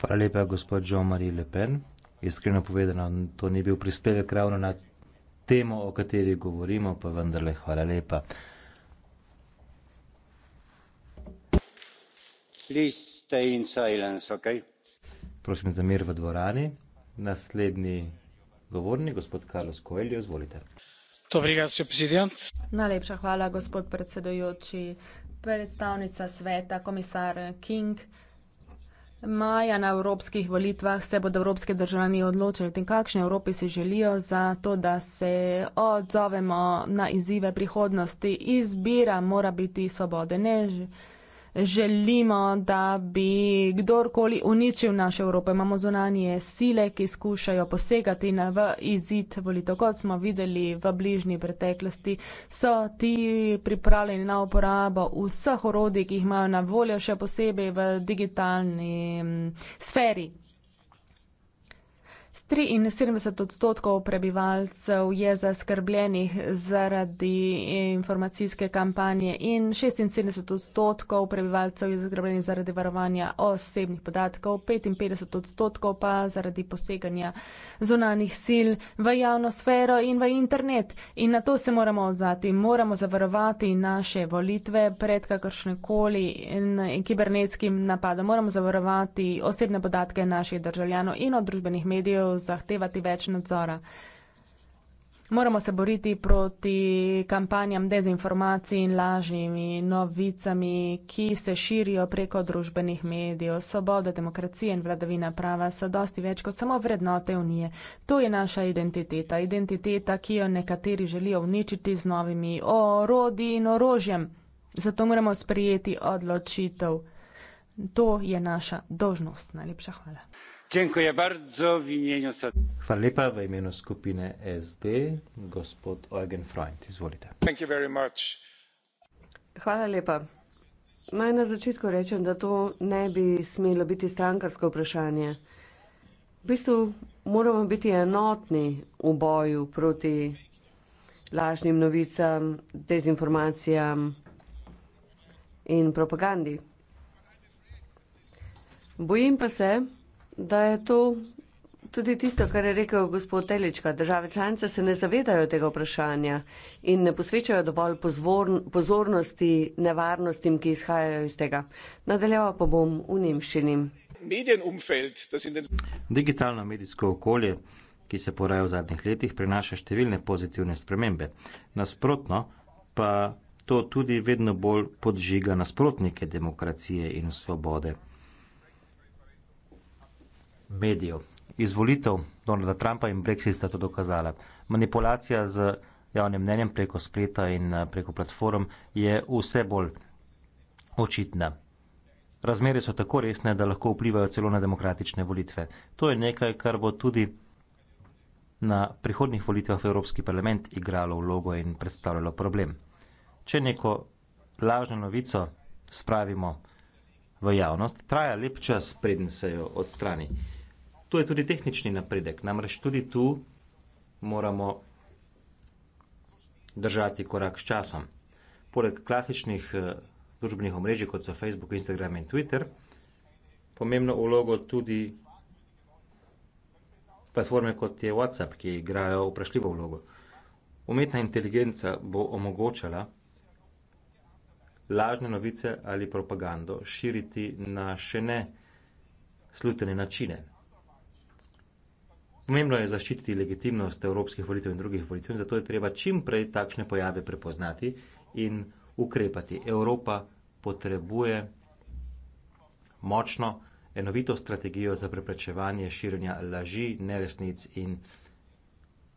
Hvala lepa, gospod Jean-Marie Le Pen. Iskreno povedano, to ni bil prispevek ravno na temo, o kateri govorimo, pa vendarle hvala lepa. Please stay in silence, okay? Prosim za mir v dvorani. Naslednji govornik, gospod Carlos Coelho, izvolite. Najlepša hvala, gospod predsedujoči, predstavnica sveta, komisar King maja na evropskih volitvah se bodo evropske državljani odločili, tem kakšne Evropi si želijo za to, da se odzovemo na izzive prihodnosti. Izbira mora biti svobode, ne že želimo, da bi kdorkoli uničil naše Evrope. Imamo zunanje sile, ki skušajo posegati na v izid volitev. Kot smo videli v bližnji preteklosti, so ti pripravljeni na uporabo vseh orodij, ki jih imajo na voljo, še posebej v digitalni mm, sferi. 73 odstotkov prebivalcev je zaskrbljenih zaradi informacijske kampanje in 76 odstotkov prebivalcev je zaskrbljenih zaradi varovanja osebnih podatkov, 55 odstotkov pa zaradi poseganja zunanih sil v javno sfero in v internet. In na to se moramo odzati. Moramo zavarovati naše volitve pred kakršnekoli kibernetskim napadom. Moramo zavarovati osebne podatke naših državljanov in od družbenih medijev zahtevati več nadzora. Moramo se boriti proti kampanjam dezinformacij in lažnimi novicami, ki se širijo preko družbenih medijev. Svoboda, demokracija in vladavina prava so dosti več kot samo vrednote unije. To je naša identiteta, identiteta, ki jo nekateri želijo uničiti z novimi orodji in orožjem. Zato moramo sprijeti odločitev. To je naša dožnost. Najlepša hvala hvala lepa v imenu skupine sd gospod eugen freund izvolite hvala lepa naj na začetku rečem da to ne bi smelo biti strankarsko vprašanje v bistvu moramo biti enotni v boju proti lažnim novicam dezinformacijam in propagandi bojim pa se da je to tudi tisto, kar je rekel gospod Telička. Države članice se ne zavedajo tega vprašanja in ne posvečajo dovolj pozornosti nevarnostim, ki izhajajo iz tega. Nadaljeval pa bom v Nemščini. Digitalno medijsko okolje, ki se poraja v zadnjih letih, prinaša številne pozitivne spremembe. Nasprotno pa to tudi vedno bolj podžiga nasprotnike demokracije in svobode medijev. Izvolitev Donalda Trumpa in Brexit sta to dokazala. Manipulacija z javnim mnenjem preko spleta in eh, preko platform je vse bolj očitna. Razmere so tako resne, da lahko vplivajo celo na demokratične volitve. To je nekaj, kar bo tudi na prihodnih volitvah v Evropski parlament igralo vlogo in predstavljalo problem. Če neko lažno novico spravimo v javnost, traja lep čas, preden se jo odstrani to je tudi tehnični napredek. Namreč tudi tu moramo držati korak s časom. Poleg klasičnih eh, družbenih omrežij, kot so Facebook, Instagram in Twitter, pomembno ulogo tudi platforme, kot je WhatsApp, ki igrajo vprašljivo ulogo. Umetna inteligenca bo omogočala lažne novice ali propagando širiti na še ne slutene načine. Pomembno je zaščititi legitimnost evropskih volitev in drugih volitev, zato je treba čim prej takšne pojave prepoznati in ukrepati. Evropa potrebuje močno, enovito strategijo za preprečevanje širjenja laži, neresnic in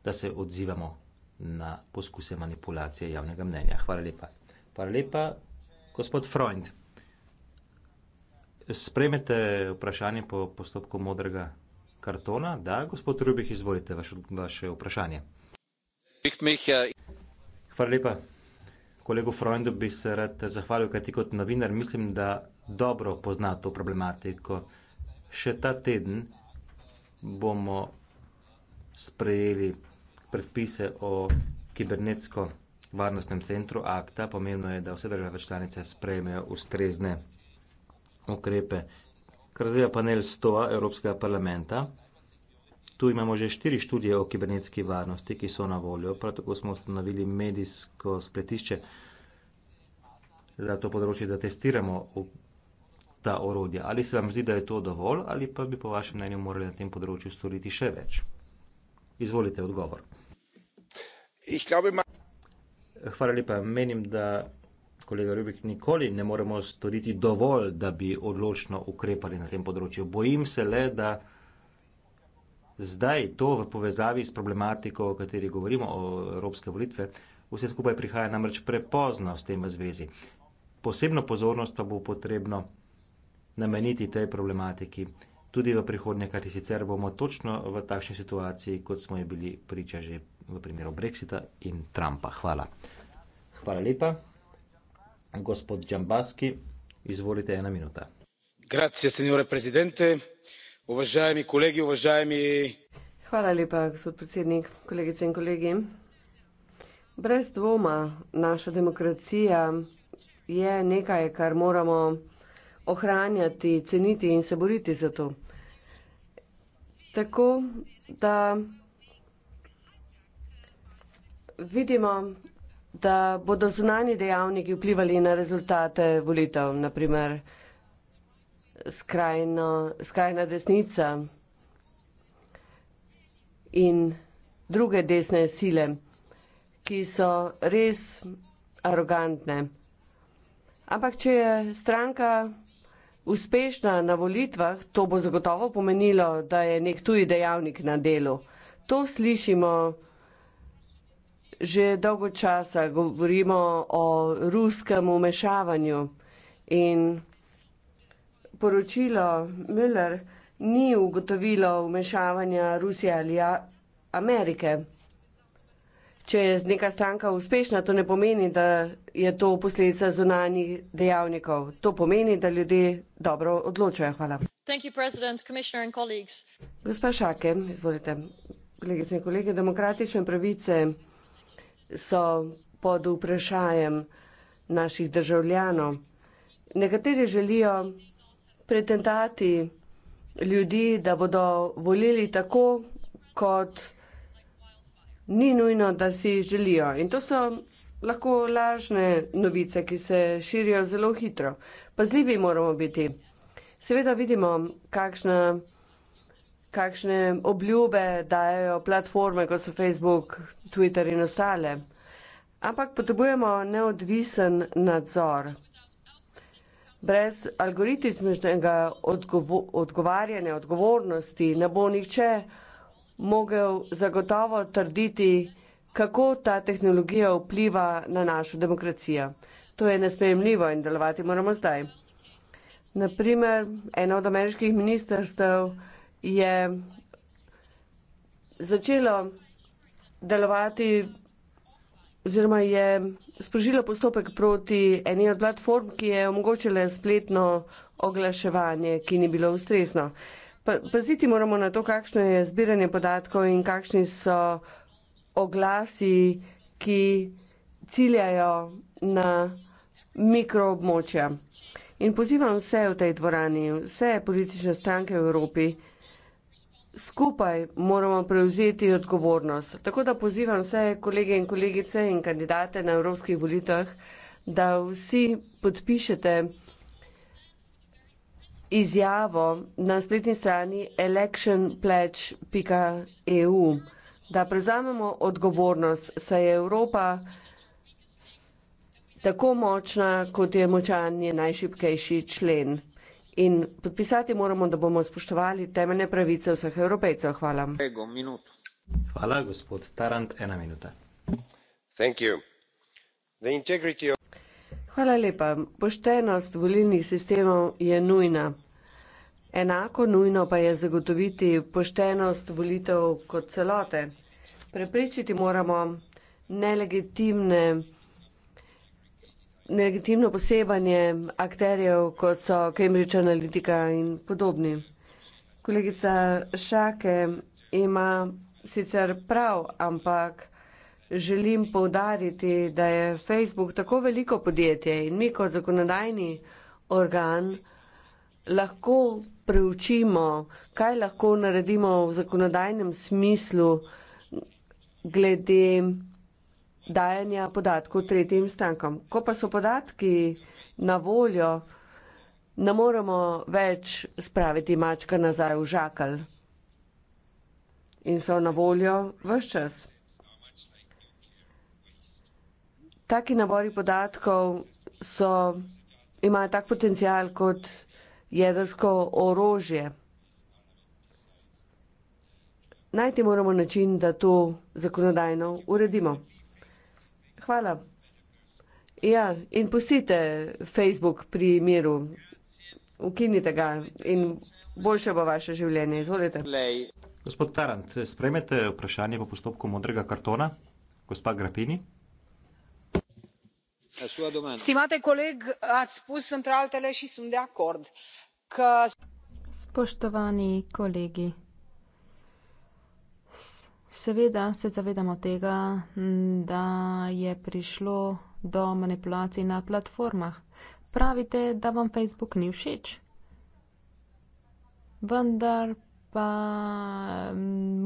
da se odzivamo na poskuse manipulacije javnega mnenja. Hvala lepa. Hvala lepa, gospod Freund. Spremete vprašanje po postopku modrega kartona. Da, gospod Rubih, izvolite vaš, vaše vprašanje. Hvala lepa. Kolegu Freundu bi se rad zahvalil, kajti kot novinar mislim, da dobro pozna to problematiko. Še ta teden bomo sprejeli predpise o kibernetsko varnostnem centru akta. Pomembno je, da vse države članice sprejmejo ustrezne ukrepe kar zadeva panel 100 Evropskega parlamenta. Tu imamo že štiri študije o kibernetski varnosti, ki so na voljo. Prav tako smo ustanovili medijsko spletišče za to področje, da testiramo ta orodja. Ali se vam zdi, da je to dovolj, ali pa bi po vašem mnenju morali na tem področju storiti še več? Izvolite odgovor. Hvala lepa. Menim, da kolega Rubik, nikoli ne moremo storiti dovolj, da bi odločno ukrepali na tem področju. Bojim se le, da zdaj to v povezavi s problematiko, o kateri govorimo, o evropske volitve, vse skupaj prihaja namreč prepozno s tem v zvezi. Posebno pozornost pa bo potrebno nameniti tej problematiki tudi v prihodnje, kajti sicer bomo točno v takšni situaciji, kot smo je bili priča že v primeru Brexita in Trumpa. Hvala. Hvala lepa gospod predsednik uvaženi kolegi uvaženi. hvala lepa gospod predsednik kolegice in kolegi. brez dvoma naša demokracija je nekaj kar moramo ohranjati ceniti in se boriti za to. tako da vidimo da bodo zunani dejavniki vplivali na rezultate volitev, naprimer skrajno, skrajna desnica in druge desne sile, ki so res arogantne. Ampak, če je stranka uspešna na volitvah, to bo zagotovo pomenilo, da je nek tuji dejavnik na delu. To slišimo že dolgo časa govorimo o ruskem umešavanju in poročilo Müller ni ugotovilo umešavanja Rusije ali Amerike. Če je neka stranka uspešna, to ne pomeni, da je to posledica zunanjih dejavnikov. To pomeni, da ljudje dobro odločajo. Hvala. Gospa Šake, izvolite. Kolegice in kolege, demokratične pravice so pod vprašanjem naših državljanov. Nekateri želijo pretentati ljudi, da bodo volili tako, kot ni nujno, da si želijo. In to so lahko lažne novice, ki se širijo zelo hitro. Pazljivi moramo biti. Seveda vidimo, kakšna kakšne obljube dajo platforme, kot so Facebook, Twitter in ostale. Ampak potrebujemo neodvisen nadzor. Brez algoritmičnega odgovo odgovarjanja, odgovornosti ne bo nihče mogel zagotovo trditi, kako ta tehnologija vpliva na našo demokracijo. To je nespremljivo in delovati moramo zdaj. Naprimer, ena od ameriških ministrstv je začelo delovati oziroma je sprožilo postopek proti eni od platform, ki je omogočila spletno oglaševanje, ki ni bilo ustrezno. Paziti moramo na to, kakšno je zbiranje podatkov in kakšni so oglasi, ki ciljajo na mikroobmočja. In pozivam vse v tej dvorani, vse politične stranke v Evropi, skupaj moramo prevzeti odgovornost. Tako da pozivam vse kolege in kolegice in kandidate na evropskih volitvah, da vsi podpišete izjavo na spletni strani electionpledge.eu, da prevzamemo odgovornost, saj je Evropa tako močna, kot je močan njen najšibkejši člen. In podpisati moramo, da bomo spoštovali temeljne pravice vseh evropejcev. Hvala. Ego, Hvala, gospod Tarant, ena minuta. Thank you. The integrity of... Hvala lepa. Poštenost volilnih sistemov je nujna. Enako nujno pa je zagotoviti poštenost volitev kot celote. Prepričiti moramo nelegitimne negativno posebanje akterjev, kot so Cambridge Analytica in podobni. Kolegica Šake ima sicer prav, ampak želim povdariti, da je Facebook tako veliko podjetje in mi kot zakonodajni organ lahko preučimo, kaj lahko naredimo v zakonodajnem smislu glede dajanja podatkov tretjim strankam. Ko pa so podatki na voljo, ne moremo več spraviti mačka nazaj v žakal in so na voljo vse čas. Taki nabori podatkov so, imajo tak potencial kot jedrsko orožje. Najti moramo način, da to zakonodajno uredimo. Hvala. Ja, in pustite Facebook pri miru. Ukinite ga in boljše bo vaše življenje. Izvolite. Gospod Tarant, sprejmete vprašanje po postopku modrega kartona? Gospa Grapini? Stimate koleg, ați spus între altele și sunt de acord că... Spoștovanii colegii, Seveda se zavedamo tega, da je prišlo do manipulacij na platformah. Pravite, da vam Facebook ni všeč. Vendar pa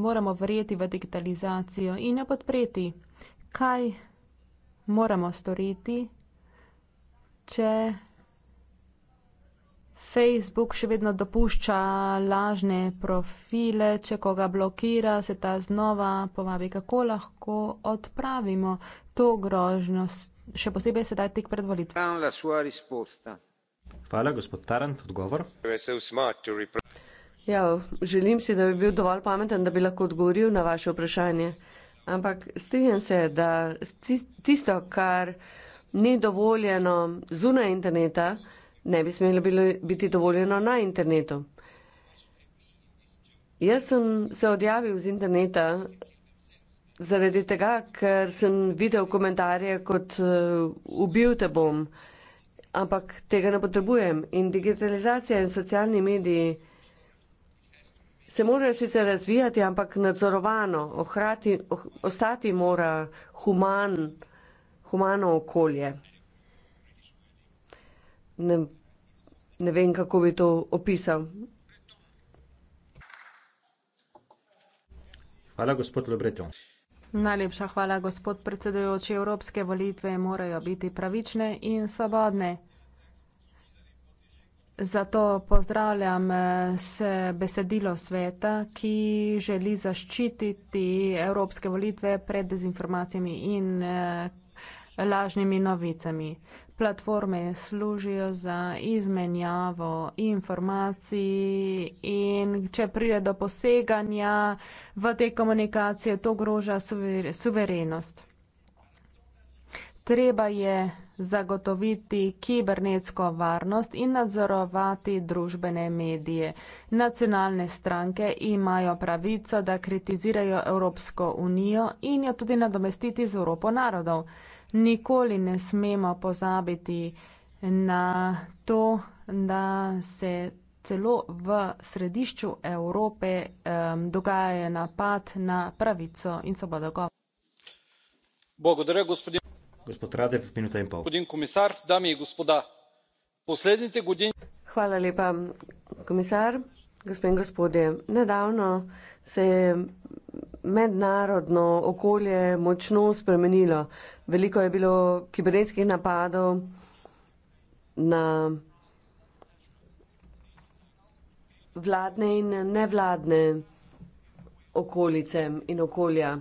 moramo verjeti v digitalizacijo in jo podpreti. Kaj moramo storiti, če Facebook še vedno dopušča lažne profile, če koga blokira, se ta znova povabi. Kako lahko odpravimo to grožnost, še posebej sedaj tik pred volitvami? Hvala, gospod Tarant, odgovor. Ja, želim si, da bi bil dovolj pameten, da bi lahko odgovoril na vaše vprašanje. Ampak strinjam se, da tisto, kar ni dovoljeno zunaj interneta, ne bi smela biti dovoljena na internetu. Jaz sem se odjavil z interneta zaradi tega, ker sem videl komentarje kot eh, ubil te bom, ampak tega ne potrebujem. In digitalizacija in socialni mediji se morajo sicer razvijati, ampak nadzorovano, ohrati, oh, ostati mora human, humano okolje ne, ne vem, kako bi to opisal. Hvala, gospod Lobreton. Najlepša hvala, gospod predsedujoči. Evropske volitve morajo biti pravične in svobodne. Zato pozdravljam eh, se besedilo sveta, ki želi zaščititi evropske volitve pred dezinformacijami in eh, lažnimi novicami. Platforme služijo za izmenjavo informacij in če pride do poseganja v te komunikacije, to groža suver suverenost. Treba je zagotoviti kibernetsko varnost in nadzorovati družbene medije. Nacionalne stranke imajo pravico, da kritizirajo Evropsko unijo in jo tudi nadomestiti z Evropo narodov nikoli ne smemo pozabiti na to, da se celo v središču Evrope um, dogaja napad na pravico in svobodo govora. Bogodaj, gospodin. Gospod Radev, minuta in pol. Gospodin komisar, dame in gospoda, poslednjite godine. Hvala lepa, komisar. Gospod in gospodje, nedavno se je mednarodno okolje močno spremenilo. Veliko je bilo kibernetskih napadov na vladne in nevladne okolice in okolja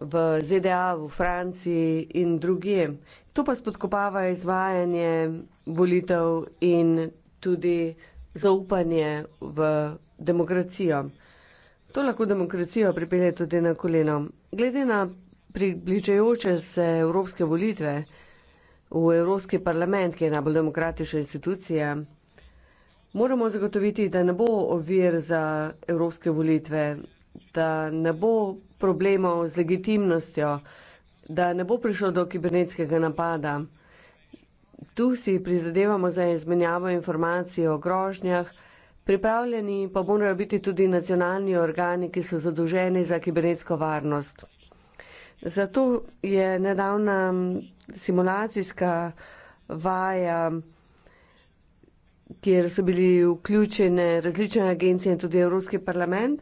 v ZDA, v Franciji in drugje. To pa spodkopava izvajanje volitev in tudi zaupanje v demokracijo. To lahko demokracijo pripelje tudi na koleno. Glede na približajoče se evropske volitve v Evropski parlament, ki je najbolj demokratična institucija, moramo zagotoviti, da ne bo ovir za evropske volitve, da ne bo problemov z legitimnostjo, da ne bo prišlo do kibernetskega napada. Tu si prizadevamo za izmenjavo informacij o grožnjah. Pripravljeni pa morajo biti tudi nacionalni organi, ki so zaduženi za kibernetsko varnost. Zato je nedavna simulacijska vaja, kjer so bili vključene različne agencije in tudi Evropski parlament,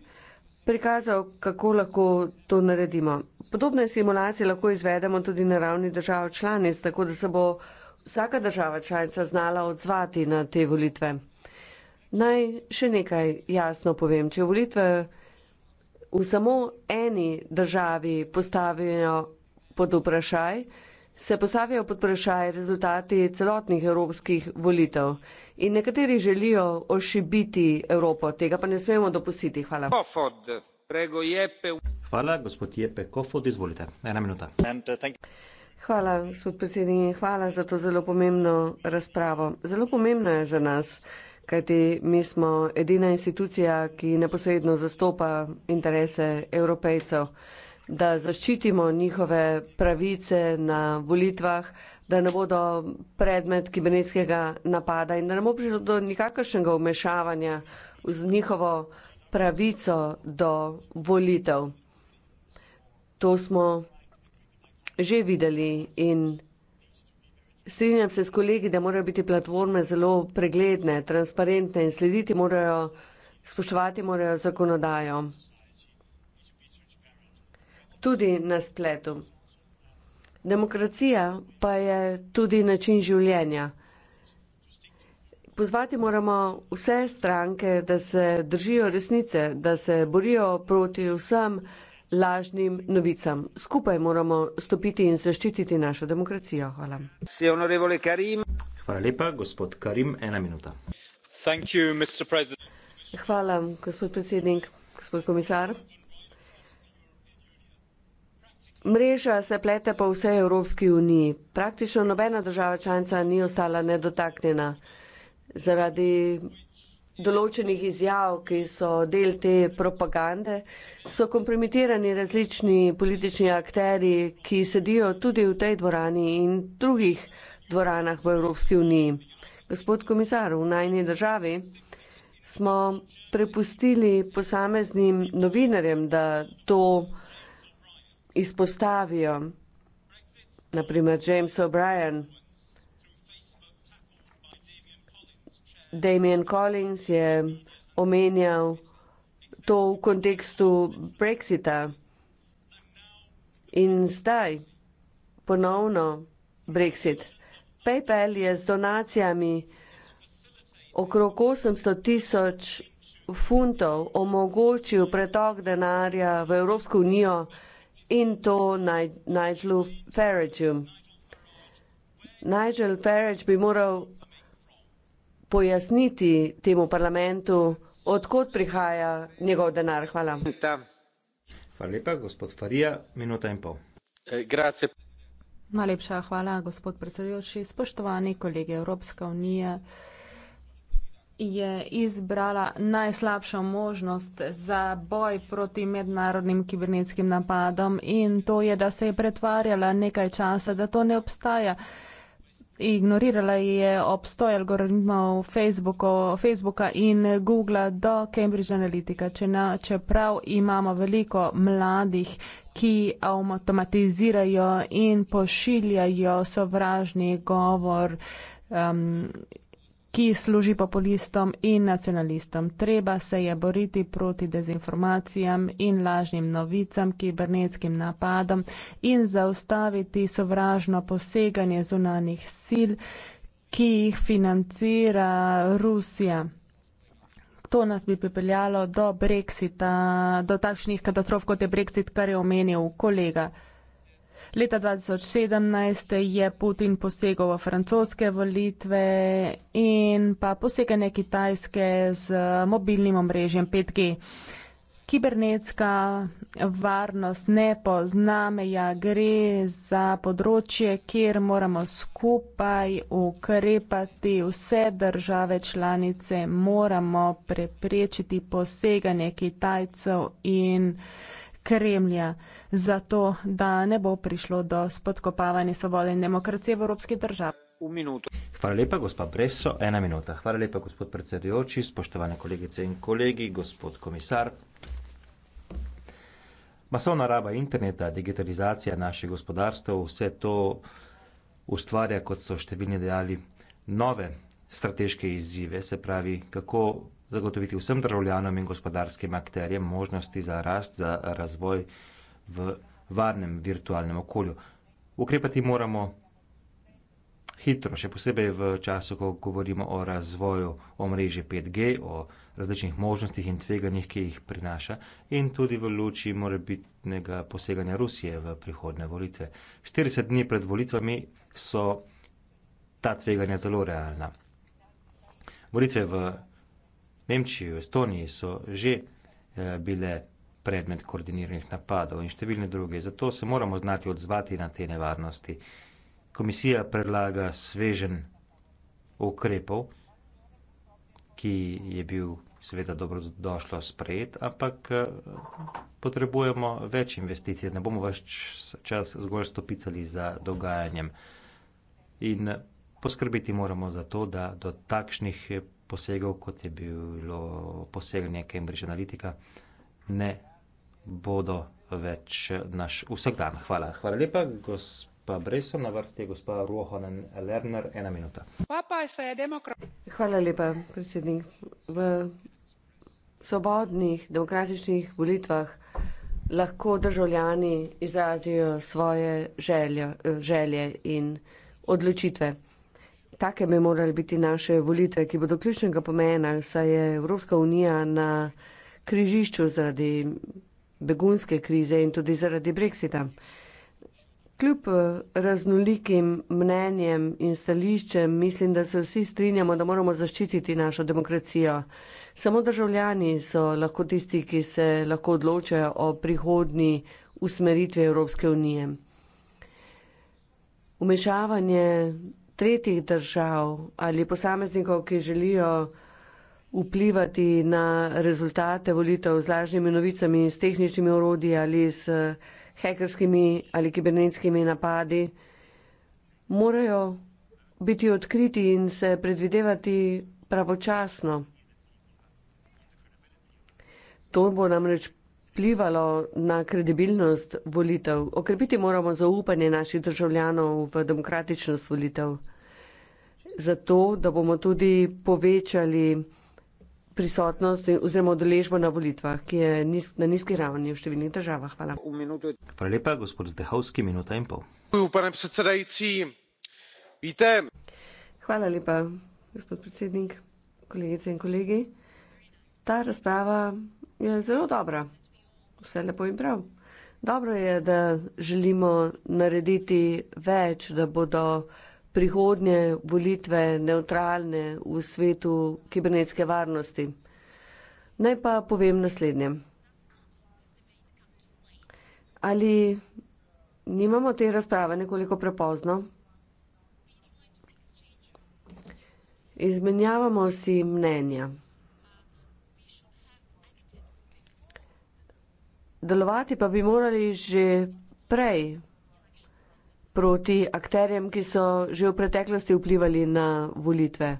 prikazal, kako lahko to naredimo. Podobne simulacije lahko izvedemo tudi na ravni držav članic, tako da se bo vsaka država članica znala odzvati na te volitve. Naj še nekaj jasno povem. Če volitve v samo eni državi postavijo pod vprašaj, se postavijo pod vprašaj rezultati celotnih evropskih volitev. In nekateri želijo ošibiti Evropo. Tega pa ne smemo dopustiti. Hvala. Hvala, gospod Jepe Kofod, izvolite. Ena minuta. And, uh, Hvala, gospod predsednik, in hvala za to zelo pomembno razpravo. Zelo pomembno je za nas, kajti mi smo edina institucija, ki neposredno zastopa interese evropejcev, da zaščitimo njihove pravice na volitvah, da ne bodo predmet kibernetskega napada in da ne bo prišlo do nikakršnega umešavanja z njihovo pravico do volitev. To smo že videli in strinjam se s kolegi, da morajo biti platforme zelo pregledne, transparentne in slediti morajo, spoštovati morajo zakonodajo. Tudi na spletu. Demokracija pa je tudi način življenja. Pozvati moramo vse stranke, da se držijo resnice, da se borijo proti vsem lažnim novicam. Skupaj moramo stopiti in zaščititi našo demokracijo. Hvala. Hvala lepa, gospod Karim, ena minuta. You, Hvala, gospod predsednik, gospod komisar. Mreža se plete po vsej Evropski uniji. Praktično nobena država članica ni ostala nedotaknjena. Zaradi določenih izjav, ki so del te propagande, so kompromitirani različni politični akteri, ki sedijo tudi v tej dvorani in drugih dvoranah v Evropski uniji. Gospod komisar, v najni državi smo prepustili posameznim novinarjem, da to izpostavijo. Naprimer, James O'Brien. Damien Collins je omenjal to v kontekstu Brexita. In zdaj ponovno Brexit. PayPal je z donacijami okrog 800 tisoč funtov omogočil pretok denarja v Evropsko unijo in to Nigelu Farageu. Nigel Farage bi moral pojasniti temu parlamentu, odkot prihaja njegov denar. Hvala. Hvala lepa, gospod Farija, minuta in pol. E, Najlepša hvala, gospod predsedujoči. Spoštovani kolegi, Evropska unija je izbrala najslabšo možnost za boj proti mednarodnim kibernetskim napadom in to je, da se je pretvarjala nekaj časa, da to ne obstaja ignorirala je obstoj algoritmov Facebooka in Googla do Cambridge Analytica, če na, čeprav imamo veliko mladih, ki avtomatizirajo in pošiljajo sovražni govor. Um, ki služi populistom in nacionalistom. Treba se je boriti proti dezinformacijam in lažnim novicam, kibernetskim napadom in zaustaviti sovražno poseganje zunanih sil, ki jih financira Rusija. To nas bi pripeljalo do Brexita, do takšnih katastrof, kot je Brexit, kar je omenil kolega. Leta 2017 je Putin posegal v francoske volitve in pa poseganje Kitajske z mobilnim omrežjem 5G. Kibernetska varnost ne pozna meja, gre za področje, kjer moramo skupaj ukrepati. Vse države članice moramo preprečiti poseganje Kitajcev in Kremlja, zato da ne bo prišlo do spodkopavanja svobode in demokracije v evropski državi. Hvala lepa, gospa Breso. Ena minuta. Hvala lepa, gospod predsedujoči, spoštovane kolegice in kolegi, gospod komisar. Masovna raba interneta, digitalizacija naših gospodarstv, vse to ustvarja, kot so številni dejali, nove strateške izzive, se pravi, kako zagotoviti vsem državljanom in gospodarskim akterjem možnosti za rast, za razvoj v varnem virtualnem okolju. Ukrepati moramo hitro, še posebej v času, ko govorimo o razvoju omrežja 5G, o različnih možnostih in tveganjih, ki jih prinaša, in tudi v luči morebitnega poseganja Rusije v prihodne volitve. 40 dni pred volitvami so ta tveganja zelo realna. Volitve v Nemčiji, v Estoniji so že eh, bile predmet koordiniranih napadov in številne druge. Zato se moramo znati odzvati na te nevarnosti. Komisija predlaga svežen ukrepov, ki je bil seveda dobro došlo sprejet, ampak eh, potrebujemo več investicij, ne bomo več čas zgolj stopicali za dogajanjem. In poskrbiti moramo za to, da do takšnih posegov, kot je bilo poseganje Cambridge Analytica, ne bodo več naš vsakdan. Hvala. Hvala lepa, gospa Breson, na vrsti je gospa Ruohonen Lerner, ena minuta. Hvala lepa, predsednik. V svobodnih demokratičnih volitvah lahko državljani izrazijo svoje želje, eh, želje in odločitve. Take bi morali biti naše volitve, ki bodo ključnega pomena, saj je Evropska unija na križišču zaradi begunske krize in tudi zaradi brexita. Kljub eh, raznolikim mnenjem in stališčem mislim, da se vsi strinjamo, da moramo zaščititi našo demokracijo. Samo državljani so lahko tisti, ki se lahko odločajo o prihodni usmeritvi Evropske unije. Umešavanje tretjih držav ali posameznikov, ki želijo vplivati na rezultate volitev z lažnimi novicami, s tehničnimi urodji ali s hekerskimi ali kibernetskimi napadi, morajo biti odkriti in se predvidevati pravočasno. To bo namreč vplivalo na kredibilnost volitev. Okrepiti moramo zaupanje naših državljanov v demokratičnost volitev. Zato, da bomo tudi povečali prisotnost oziroma odeležbo na volitvah, ki je na nizki ravni v številnih državah. Hvala. Hvala lepa, gospod Zdehovski, minuta in pol. Pane predsedajci, vite. Hvala lepa, gospod predsednik, kolegice in kolegi. Ta razprava je zelo dobra vse lepo in prav. Dobro je, da želimo narediti več, da bodo prihodnje volitve neutralne v svetu kibernetske varnosti. Naj pa povem naslednje. Ali nimamo te razprave nekoliko prepozno? Izmenjavamo si mnenja. Delovati pa bi morali že prej proti akterjem, ki so že v preteklosti vplivali na volitve.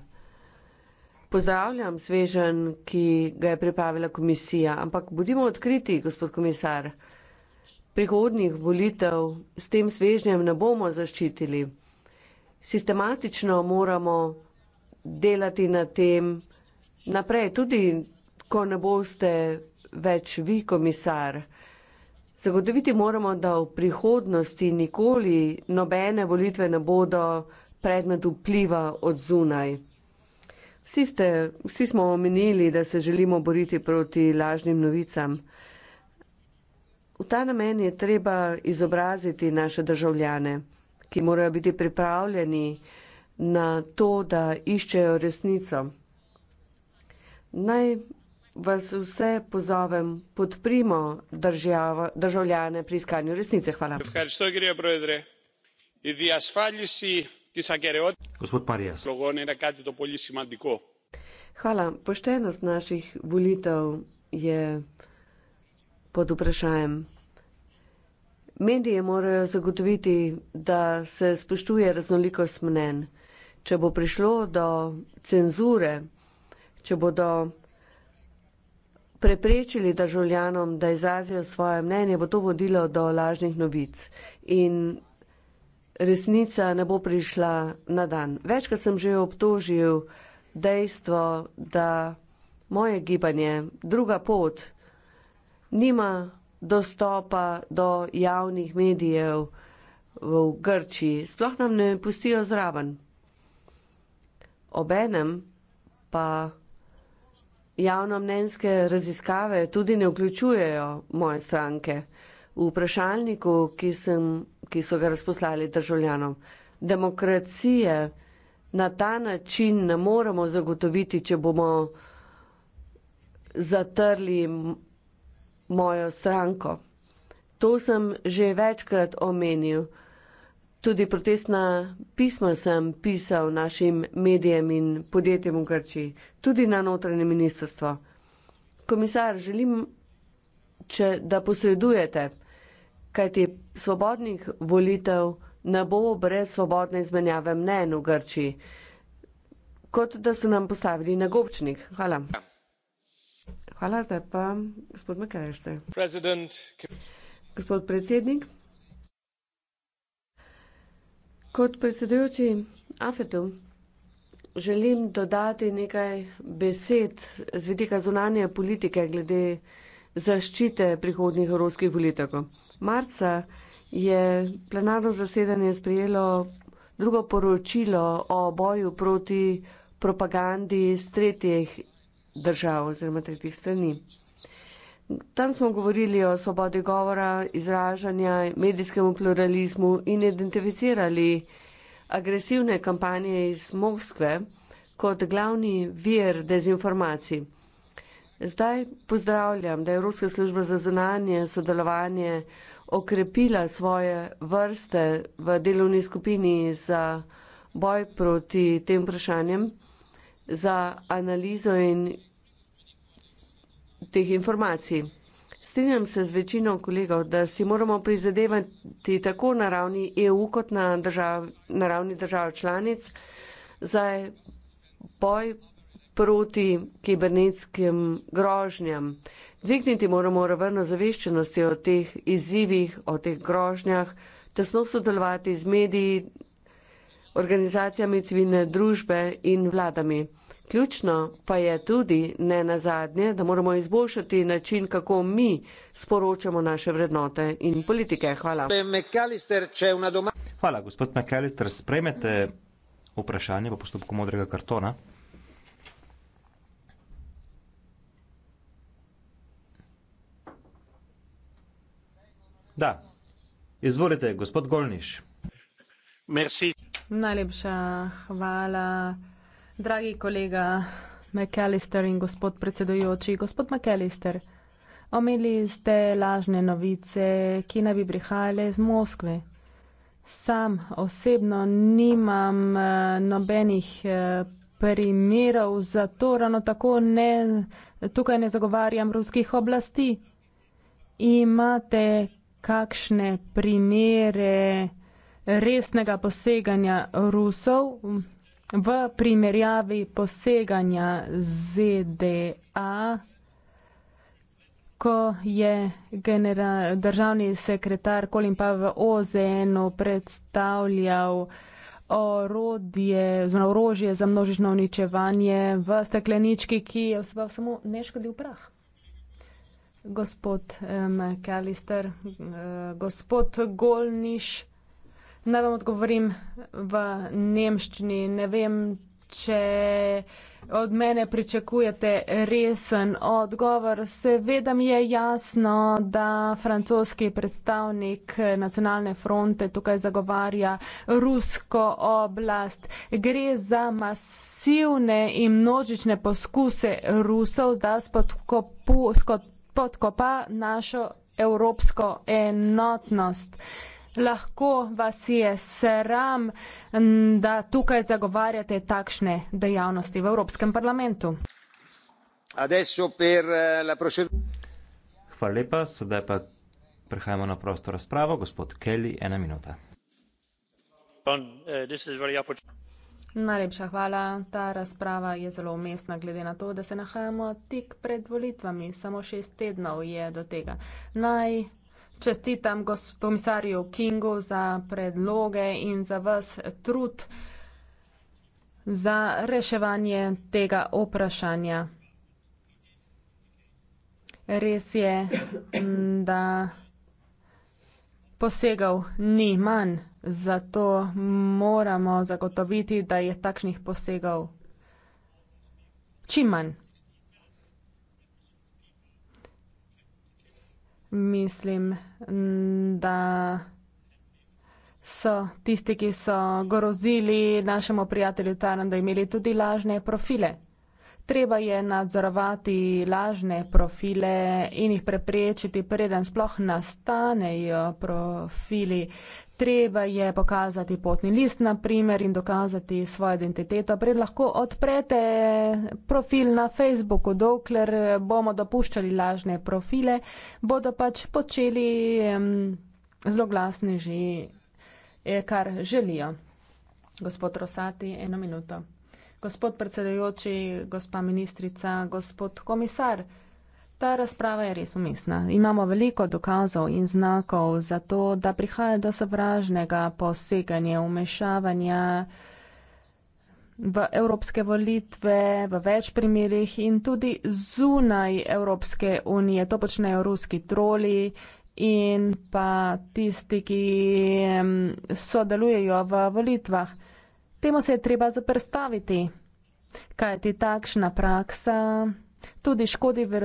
Pozdravljam svežen, ki ga je pripravila komisija, ampak bodimo odkriti, gospod komisar, prihodnih volitev s tem svežnjem ne bomo zaščitili. Sistematično moramo delati na tem naprej, tudi ko ne boste več vi, komisar. Zagotoviti moramo, da v prihodnosti nikoli nobene volitve ne bodo predmet vpliva od zunaj. Vsi, ste, vsi smo omenili, da se želimo boriti proti lažnim novicam. V ta namen je treba izobraziti naše državljane, ki morajo biti pripravljeni na to, da iščejo resnico. Naj vas vse pozovem, podprimo državo, državljane pri iskanju resnice. Hvala. Gospod Parijas. Hvala. Poštenost naših volitev je pod vprašanjem. Medije morajo zagotoviti, da se spoštuje raznolikost mnen. Če bo prišlo do cenzure, če bodo preprečili državljanom, da izrazijo svoje mnenje, bo to vodilo do lažnih novic in resnica ne bo prišla na dan. Večkrat sem že obtožil dejstvo, da moje gibanje, druga pot, nima dostopa do javnih medijev v Grčiji, sploh nam ne pustijo zraven. Obenem pa javnomnenjske raziskave tudi ne vključujejo moje stranke v vprašalniku, ki, sem, ki so ga razposlali državljanom. Demokracije na ta način ne moremo zagotoviti, če bomo zatrli mojo stranko. To sem že večkrat omenil. Tudi protestna pisma sem pisal našim medijem in podjetjem v Grči, tudi na notranje ministrstvo. Komisar, želim, če, da posredujete, kajti svobodnih volitev ne bo brez svobodne izmenjave mnen v Grči, kot da so nam postavili na gobčnik. Hvala. Hvala, zdaj pa gospod Makarešte. Gospod predsednik. Kot predsedujoči AFET-u želim dodati nekaj besed z vidika zunanje politike glede zaščite prihodnjih evropskih volitev. Marca je plenarno zasedanje sprejelo drugo poročilo o boju proti propagandi iz tretjih držav oziroma tretjih strani. Tam smo govorili o svobodi govora, izražanja, medijskem pluralizmu in identificirali agresivne kampanje iz Moskve kot glavni vir dezinformacij. Zdaj pozdravljam, da je Ruska služba za zunanje sodelovanje okrepila svoje vrste v delovni skupini za boj proti tem vprašanjem, za analizo in teh informacij. Strinjam se z večino kolegov, da si moramo prizadevati tako na ravni EU kot na, držav, na ravni držav članic za boj proti kibernetskim grožnjam. Dvigniti moramo raven zaveščenosti o teh izzivih, o teh grožnjah, tesno sodelovati z mediji, organizacijami civilne družbe in vladami. Ključno pa je tudi, ne nazadnje, da moramo izboljšati način, kako mi sporočamo naše vrednote in politike. Hvala. Hvala, gospod McAllister. Spremete vprašanje po postopku modrega kartona? Da, izvolite, gospod Golniš. Merci. Najlepša hvala. Dragi kolega McAllister in gospod predsedujoči, gospod McAllister, omili ste lažne novice, ki naj bi prihajale iz Moskve. Sam osebno nimam eh, nobenih eh, primerov, zato ravno tako ne, tukaj ne zagovarjam ruskih oblasti. Imate kakšne primere resnega poseganja Rusov? v primerjavi poseganja ZDA, ko je general, državni sekretar Kolim pa v OZN-u predstavljal orodje, zna, orožje za množično uničevanje v steklenički, ki je vseval samo neškodljiv prah. Gospod eh, McAllister, um, uh, gospod Golniš, Naj vam odgovorim v nemščini. Ne vem, če od mene pričakujete resen odgovor. Seveda mi je jasno, da francoski predstavnik nacionalne fronte tukaj zagovarja rusko oblast. Gre za masivne in množične poskuse Rusov, da spodkopa našo evropsko enotnost lahko vas je sram, da tukaj zagovarjate takšne dejavnosti v Evropskem parlamentu. Eh, hvala lepa, sedaj pa prehajamo na prosto razpravo. Gospod Kelly, ena minuta. Eh, Najlepša hvala. Ta razprava je zelo umestna, glede na to, da se nahajamo tik pred volitvami. Samo šest tednov je do tega. Naj čestitam komisarju Kingu za predloge in za vas trud za reševanje tega vprašanja. Res je, da posegov ni manj, zato moramo zagotoviti, da je takšnih posegov čim manj. mislim, da so tisti, ki so grozili našemu prijatelju Taran, da imeli tudi lažne profile. Treba je nadzorovati lažne profile in jih preprečiti, preden sploh nastanejo profili. Treba je pokazati potni list, na primer, in dokazati svojo identiteto. Prej lahko odprete profil na Facebooku, dokler bomo dopuščali lažne profile, bodo pač počeli um, zelo glasni že, e, kar želijo. Gospod Rosati, eno minuto. Gospod predsedajoči, gospa ministrica, gospod komisar. Ta razprava je res umestna. Imamo veliko dokazov in znakov za to, da prihaja do sovražnega poseganja, umešavanja v evropske volitve v več primerih in tudi zunaj Evropske unije. To počnejo ruski troli in pa tisti, ki sodelujejo v volitvah. Temu se je treba zaprstaviti, kajti takšna praksa tudi škodi v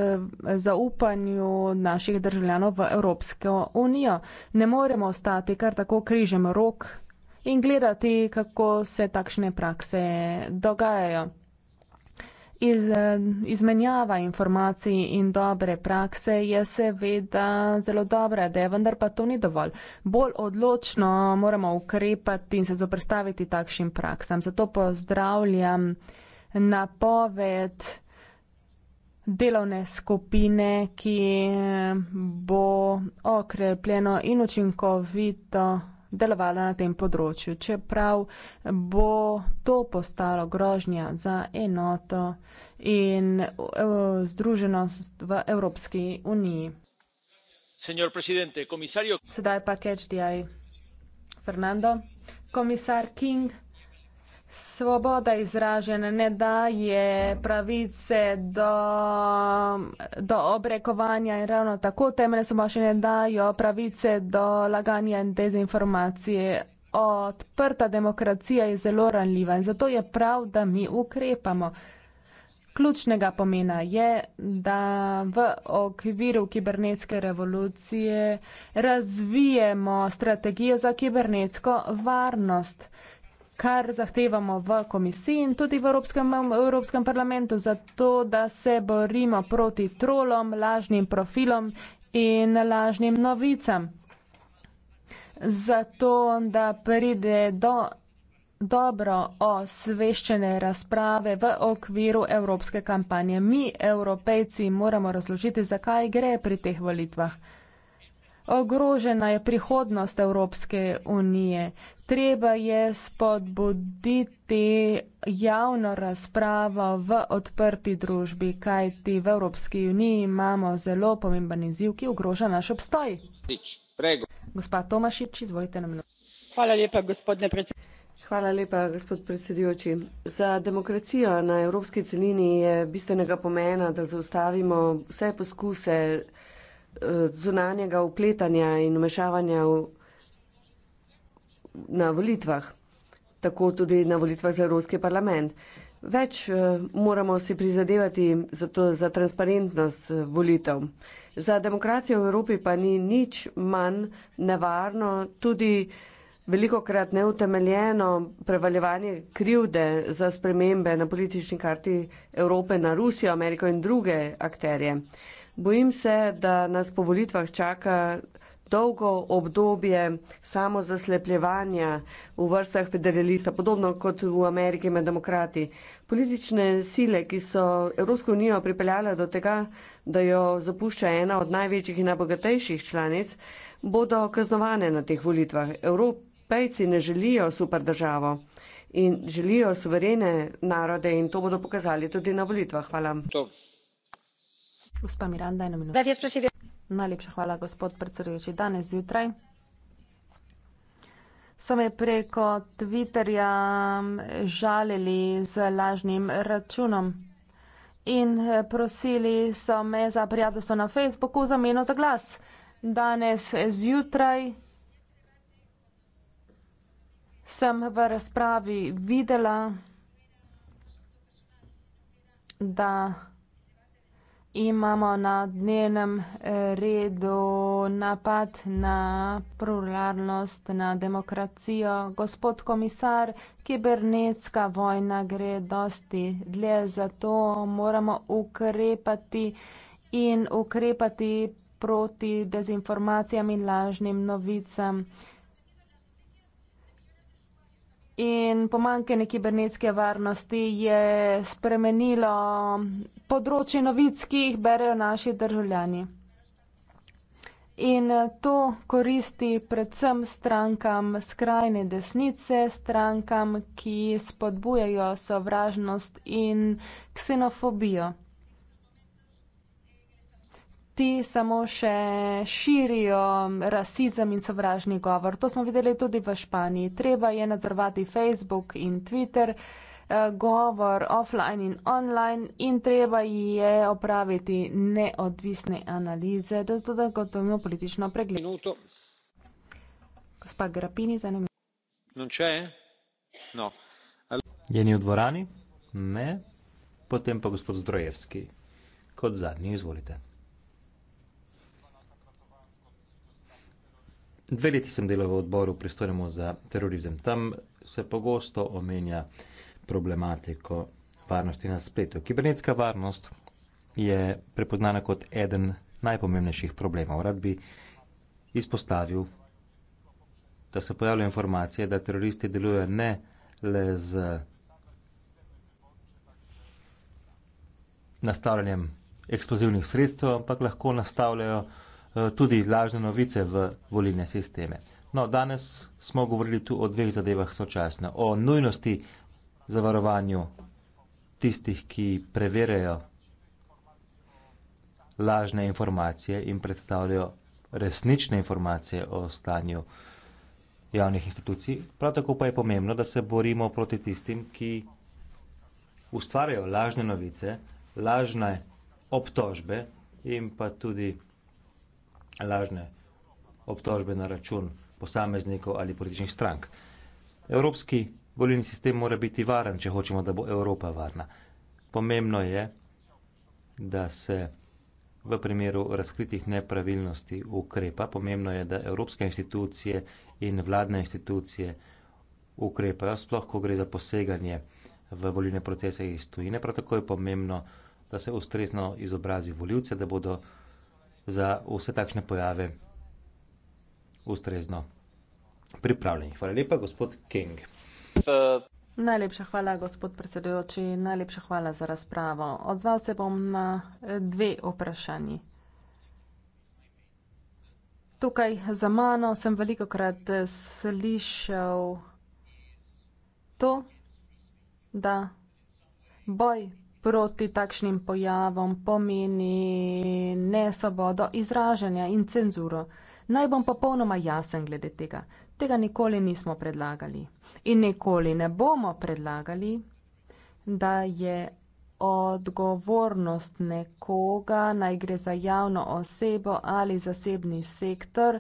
zaupanju naših državljanov v Evropsko unijo. Ne moremo ostati kar tako križem rok in gledati, kako se takšne prakse dogajajo. Iz, izmenjava informacij in dobre prakse je seveda zelo dobra, da je vendar pa to ni dovolj. Bolj odločno moramo ukrepati in se zoprstaviti takšnim praksam. Zato pozdravljam napoved delovne skupine, ki bo okrepljeno in učinkovito delovala na tem področju. Čeprav bo to postalo grožnja za enoto in e, združenost v Evropski uniji. Senor presidente, komisarjo. Sedaj pa catch the eye. Fernando, komisar King. Svoboda izražanja ne daje pravice do, do obrekovanja in ravno tako temeljne svoboščine dajo pravice do laganja in dezinformacije. Odprta demokracija je zelo ranljiva in zato je prav, da mi ukrepamo. Ključnega pomena je, da v okviru kibernetske revolucije razvijemo strategijo za kibernetsko varnost kar zahtevamo v komisiji in tudi v Evropskem, Evropskem parlamentu, zato da se borimo proti trolom, lažnim profilom in lažnim novicam. Zato, da pride do dobro osveščene razprave v okviru evropske kampanje. Mi, evropejci, moramo razložiti, zakaj gre pri teh volitvah. Ogrožena je prihodnost Evropske unije. Treba je spodbuditi javno razpravo v odprti družbi, kajti v Evropski uniji imamo zelo pomemben izziv, ki ogroža naš obstoj. Gospa Tomašič, izvolite nam. Hvala lepa, gospodne predsednik. Hvala lepa, gospod predsedujoči. Za demokracijo na evropski celini je bistvenega pomena, da zaustavimo vse poskuse zunanjega upletanja in vmešavanja v, na volitvah, tako tudi na volitvah za Evropski parlament. Več eh, moramo si prizadevati za, to, za transparentnost eh, volitev. Za demokracijo v Evropi pa ni nič manj nevarno, tudi veliko krat neutemeljeno prevaljevanje krivde za spremembe na politični karti Evrope na Rusijo, Ameriko in druge akterje. Bojim se, da nas po volitvah čaka dolgo obdobje samo zaslepljevanja v vrstah federalista, podobno kot v Ameriki med demokrati. Politične sile, ki so Evropsko unijo pripeljale do tega, da jo zapušča ena od največjih in najbogatejših članic, bodo kaznovane na teh volitvah. Evropejci ne želijo super državo in želijo suverene narode in to bodo pokazali tudi na volitvah. Hvala. To. Gospa Miranda, eno minuto. Najlepša hvala, gospod predsedujoči. Danes zjutraj so me preko Twitterja žalili z lažnim računom in eh, prosili so me za prijateljstvo na Facebooku za meno za glas. Danes zjutraj sem v razpravi videla, da imamo na dnevnem eh, redu napad na pluralnost, na demokracijo. Gospod komisar, kibernetska vojna gre dosti dlje, zato moramo ukrepati in ukrepati proti dezinformacijam in lažnim novicam. in pomankanje kibernetske varnosti je spremenilo področje novic, ki jih berejo naši državljani. In eh, to koristi predvsem strankam skrajne desnice, strankam, ki spodbujajo sovražnost in ksenofobijo ti samo še širijo rasizem in sovražni govor. To smo videli tudi v Španiji. Treba je nadzorovati Facebook in Twitter, eh, govor offline in online in treba je opraviti neodvisne analize, da zato zagotovimo politično pregled. Minuto. Gospa Grapini, zanimivo. No, če je? No. Je ni v dvorani? Ne. Potem pa gospod Zdrojevski. Kot zadnji, izvolite. Dve leti sem delal v odboru pristojnemu za terorizem. Tam se pogosto omenja problematiko varnosti na spletu. Kibernetska varnost je prepoznana kot eden najpomembnejših problemov. Rad bi izpostavil, da se pojavljajo informacije, da teroristi delujejo ne le z nastavljanjem eksplozivnih sredstev, ampak lahko nastavljajo Eh, tudi lažne novice v volilne sisteme. No, danes smo govorili tu o dveh zadevah sočasno. O nujnosti zavarovanju tistih, ki preverjajo lažne informacije in predstavljajo resnične informacije o stanju javnih institucij. Prav tako pa je pomembno, da se borimo proti tistim, ki ustvarjajo lažne novice, lažne obtožbe in pa tudi lažne obtožbe na račun posameznikov ali političnih strank. Evropski volilni sistem mora biti varen, če hočemo, da bo Evropa varna. Pomembno je, da se v primeru razkritih nepravilnosti ukrepa, pomembno je, da evropske institucije in vladne institucije ukrepajo, sploh ko gre za poseganje v volilne procese iz tujine, prav tako je pomembno, da se ustrezno izobrazi voljivce, da bodo za vse takšne pojave ustrezno pripravljeni. Hvala lepa, gospod King. Uh. Najlepša hvala, gospod predsedujoči. Najlepša hvala za razpravo. Odzval se bom na eh, dve vprašanji. Tukaj za mano sem veliko krat eh, slišal to, da boj proti takšnim pojavom pomeni nesvobodo izražanja in cenzuro. Naj bom popolnoma jasen glede tega. Tega nikoli nismo predlagali in nikoli ne bomo predlagali, da je odgovornost nekoga, naj gre za javno osebo ali zasebni sektor,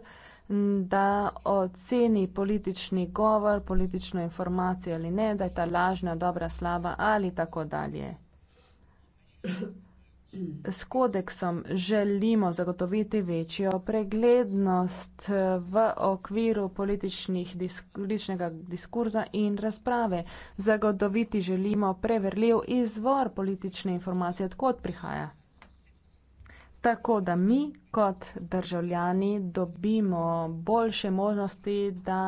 da oceni politični govor, politično informacijo ali ne, da je ta lažna, dobra, slaba ali tako dalje. S kodeksom želimo zagotoviti večjo preglednost v okviru političnih disk, političnega diskurza in razprave. Zagotoviti želimo preverljiv izvor politične informacije, odkot prihaja. Tako da mi kot državljani dobimo boljše možnosti, da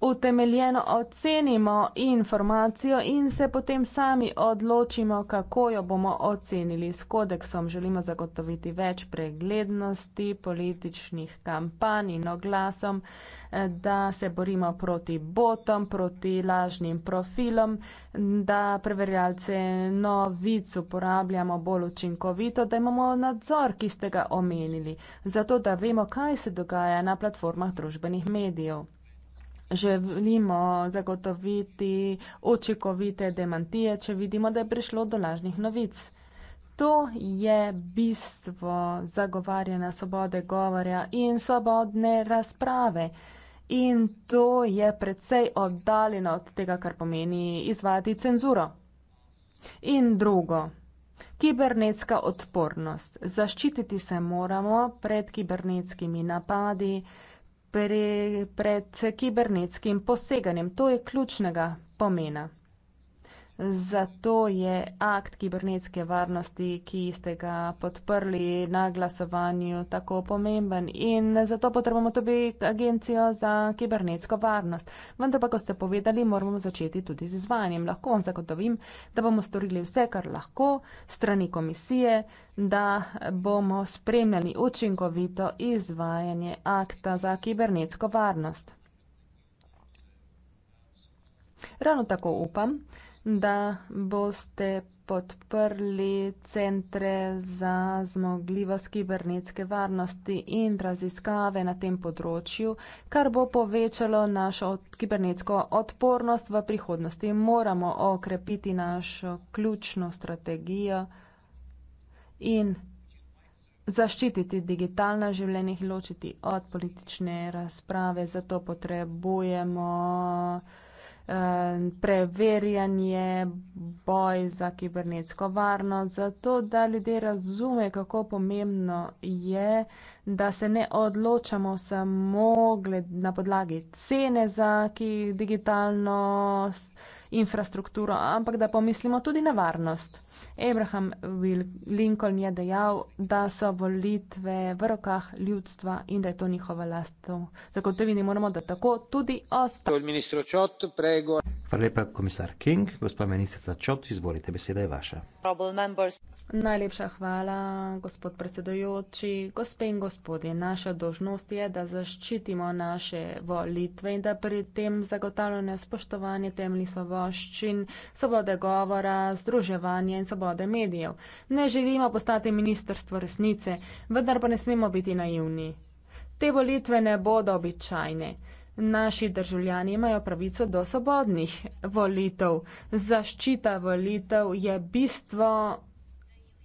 utemeljeno ocenimo informacijo in se potem sami odločimo, kako jo bomo ocenili. S kodeksom želimo zagotoviti več preglednosti političnih kampanj in oglasom, eh, da se borimo proti botom, proti lažnim profilom, da preverjalce novic uporabljamo bolj učinkovito, da imamo nadzor, ki ste ga omenili, zato da vemo, kaj se dogaja na platformah družbenih medijev želimo zagotoviti očikovite demantije, če vidimo, da je prišlo do lažnih novic. To je bistvo zagovarjanja svobode govorja in svobodne razprave. In to je predvsej oddaljeno od tega, kar pomeni izvati cenzuro. In drugo, kibernetska odpornost. Zaščititi se moramo pred kibernetskimi napadi, pre, pred kibernetskim poseganjem. To je ključnega pomena. Zato je akt kibernetske varnosti, ki ste ga podprli na glasovanju, tako pomemben in zato potrebujemo tudi agencijo za kibernetsko varnost. Vendar pa, ko ste povedali, moramo začeti tudi z izvanjem. Lahko vam zagotovim, da bomo storili vse, kar lahko, strani komisije, da bomo spremljali učinkovito izvajanje akta za kibernetsko varnost. Ravno tako upam, da boste podprli centre za zmogljivost kibernetske varnosti in raziskave na tem področju, kar bo povečalo našo kibernetsko odpornost v prihodnosti. Moramo okrepiti našo ključno strategijo in zaščititi digitalna življenja, jih ločiti od politične razprave, zato potrebujemo Eh, preverjanje, boj za kibernetsko varnost, zato da ljudje razume, kako pomembno je, da se ne odločamo samo na podlagi cene za digitalno infrastrukturo, ampak da pomislimo tudi na varnost. Abraham Lincoln je dejal, da so volitve v rokah ljudstva in da je to njihova last. Zagotovini moramo, da tako tudi ostane. Hvala lepa, komisar King. Gospa ministrica Čot, izvolite, beseda je vaša. Najlepša hvala, gospod predsedojoči. Gospe in gospodje, naša dožnost je, da zaščitimo naše volitve in da pri tem zagotavljamo spoštovanje temeljnih svoboščin, svobode govora, združevanja in svobode medijev. Ne želimo postati ministrstvo resnice, vendar pa ne smemo biti naivni. Te volitve ne bodo običajne naši državljani imajo pravico do svobodnih volitev. Zaščita volitev je bistvo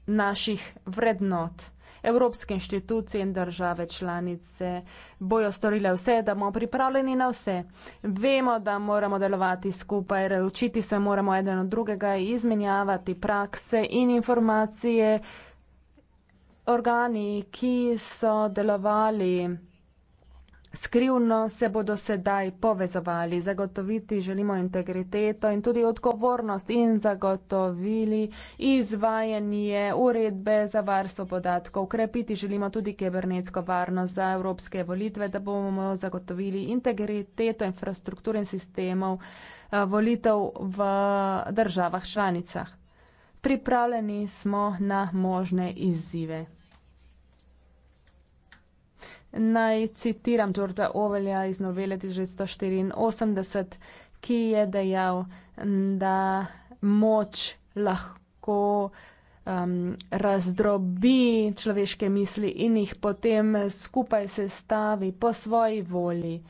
naših vrednot. Evropske inštitucije in države članice bojo storile vse, da bomo pripravljeni na vse. Vemo, da moramo delovati skupaj, učiti se moramo eden od drugega, izmenjavati prakse in informacije. Organi, ki so delovali Skrivno se bodo sedaj povezovali, zagotoviti želimo integriteto in tudi odgovornost in zagotovili izvajanje uredbe za varstvo podatkov. Krepiti želimo tudi kibernetsko varnost za evropske volitve, da bomo zagotovili integriteto infrastruktur in sistemov eh, volitev v državah članicah. Pripravljeni smo na možne izzive. Naj citiram Đorđa Ovelja iz novele 1984, ki je dejal, da moč lahko um, razdrobi človeške misli in jih potem skupaj sestavi po svoji volji.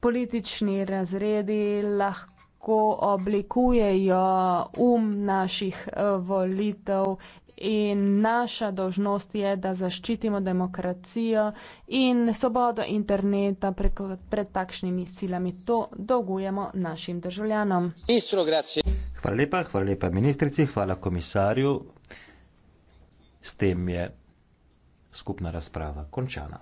Politični razredi lahko oblikujejo um naših eh, volitev in naša dožnost je, da zaščitimo demokracijo in svobodo interneta preko, pred takšnimi silami. To dolgujemo našim državljanom. Istro, hvala lepa, hvala lepa ministrici, hvala komisarju. S tem je skupna razprava končana.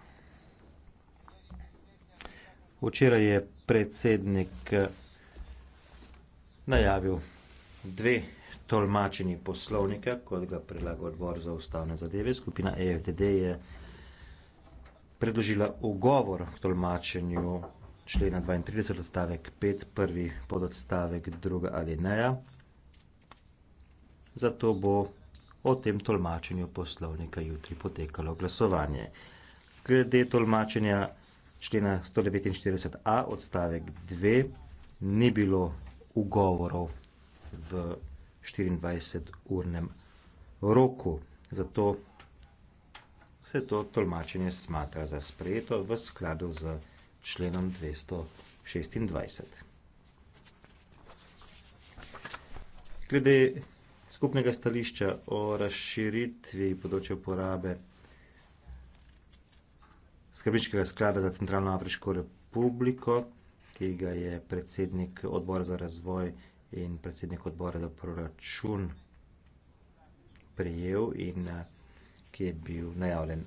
Včeraj je predsednik eh, najavil dve tolmačenji poslovnika, kot ga prilaga odbor za ustavne zadeve. Skupina EFDD je predložila ugovor k tolmačenju člena 32 odstavek 5, prvi pod odstavek druga ali neja. Zato bo o tem tolmačenju poslovnika jutri potekalo glasovanje. Glede tolmačenja člena 149a odstavek 2 ni bilo ugovorov v 24-urnem roku. Zato se to tolmačenje smatra za sprejeto v skladu z členom 226. Glede skupnega stališča o razširitvi področja uporabe Skrbničkega sklada za Centralno Afriško republiko, ki ga je predsednik odbora za razvoj in predsednik odbora za proračun prijel in eh, ki je bil najavljen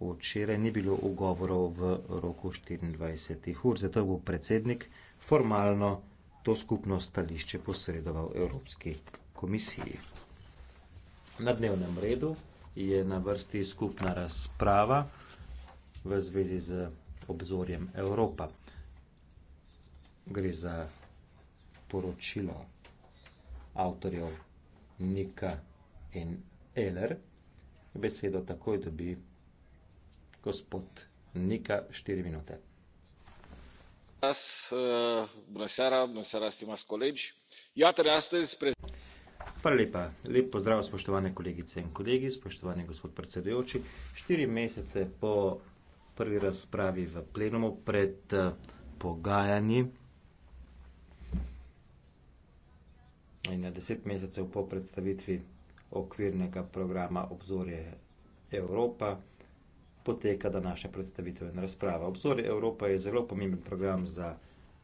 včeraj, ni bilo ugovorov v roku 24 ur, zato bo predsednik formalno to skupno stališče posredoval Evropski komisiji. Na dnevnem redu je na vrsti skupna razprava v zvezi z obzorjem Evropa. Gre za poročilo avtorjev Nika in Eler. Besedo takoj dobi gospod Nika, štiri minute. Eh, ja, Hvala lepa. Lep pozdrav, spoštovane kolegice in kolegi, spoštovani gospod predsedujoči. Štiri mesece po prvi razpravi v plenumu pred eh, pogajanji in deset mesecev po predstavitvi okvirnega programa Obzorje Evropa poteka današnja predstavitev in razprava. Obzorje Evropa je zelo pomemben program za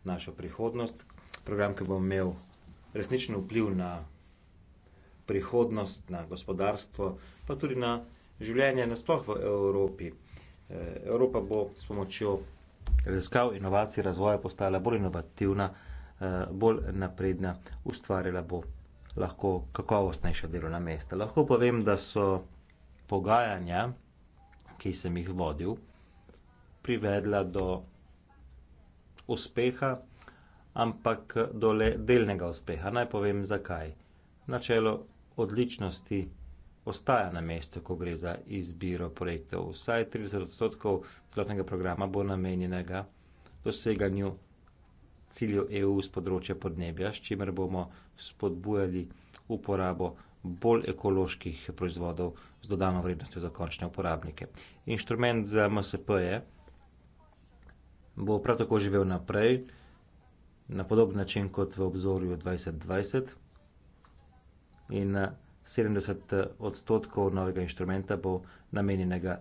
našo prihodnost, program, ki bo imel resničen vpliv na prihodnost, na gospodarstvo, pa tudi na življenje nasploh v Evropi. Eh, Evropa bo s pomočjo raziskav, inovacij, razvoja postala bolj inovativna. Eh, bolj napredna, ustvarjala bo lahko kakovostnejša delovna mesta. Lahko povem, da so pogajanja, ki sem jih vodil, privedla do uspeha, ampak do le delnega uspeha. Naj povem zakaj. Načelo odličnosti ostaja na mestu, ko gre za izbiro projektov. Vsaj 30 odstotkov celotnega programa bo namenjenega doseganju cilju EU z področja podnebja, s čimer bomo spodbujali uporabo bolj ekoloških proizvodov z dodano vrednostjo za končne uporabnike. Inštrument za MSP-je bo prav tako živel naprej, na podoben način kot v obzorju 2020 in 70 odstotkov novega inštrumenta bo namenjenega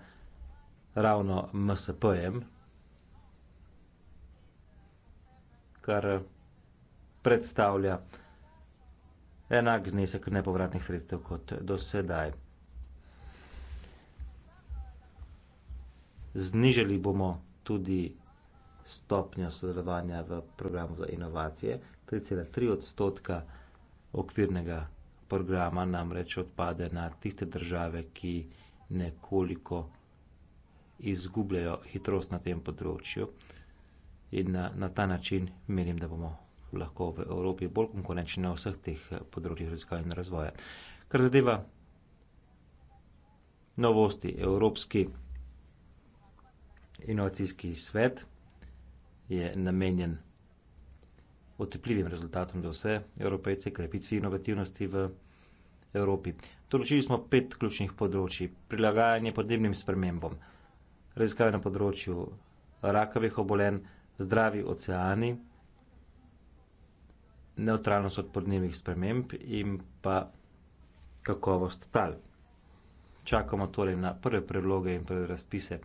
ravno MSP-jem. kar eh, predstavlja enak znesek nepovratnih sredstev kot do sedaj. Znižali bomo tudi stopnjo sodelovanja v programu za inovacije. 3,3 odstotka okvirnega programa namreč odpade na tiste države, ki nekoliko izgubljajo hitrost na tem področju in na, eh, na ta način menim, da bomo lahko v Evropi bolj konkurenčni na vseh teh eh, področjih raziskave in razvoja. Kar zadeva novosti, Evropski inovacijski svet je namenjen otepljivim rezultatom za vse evropejce, krepitvi inovativnosti v Evropi. Določili smo pet ključnih področji. Prilagajanje podnebnim spremembom, raziskave na področju rakavih obolenj, zdravi oceani, neutralnost od podnebnih sprememb in pa kakovost tal. Čakamo torej na prve predloge in prve razpise